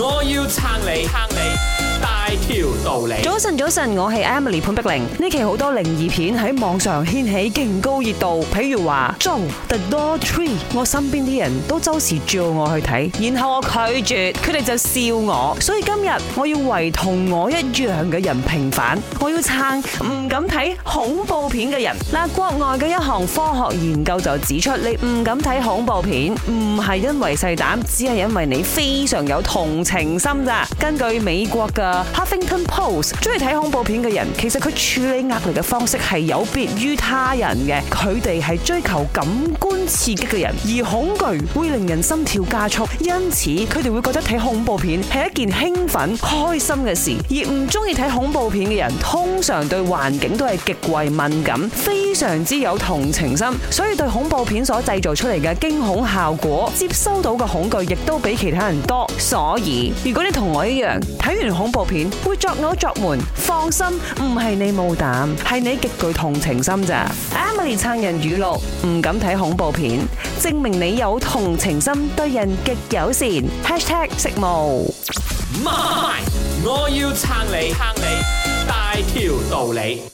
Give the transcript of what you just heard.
我要撐你撐你大條道理。早晨早晨，我係 Emily 潘碧玲。呢期好多靈異片喺網上掀起勁高熱度說，譬如話《The Door Tree》，我身邊啲人都周時叫我去睇，然後我拒絕，佢哋就笑我。所以今日我要為同我一樣嘅人平反，我要撐唔敢睇恐怖片嘅人。嗱，國外嘅一項科學研究就指出，你唔敢睇恐怖片唔係因為細膽，只係因為你非常有同情。情深咋？根據美國嘅《Huffington Post》，鍾意睇恐怖片嘅人其實佢處理壓力嘅方式係有別於他人嘅，佢哋係追求感官刺激嘅人，而恐懼會令人心跳加速，因此佢哋會覺得睇恐怖片係一件興奮、開心嘅事。而唔鍾意睇恐怖片嘅人，通常對環境都係極為敏感，非常之有同情心，所以對恐怖片所製造出嚟嘅驚恐效果，接收到嘅恐懼亦都比其他人多，所以。如果你同我一樣睇完恐怖片會作嘔作悶，放心，唔係你冇膽，係你極具同情心咋？Emily 撐人語錄，唔敢睇恐怖片，證明你有同情心，對人極友善。#hashtag 食無，媽咪，我要撐你，撐你，大條道理。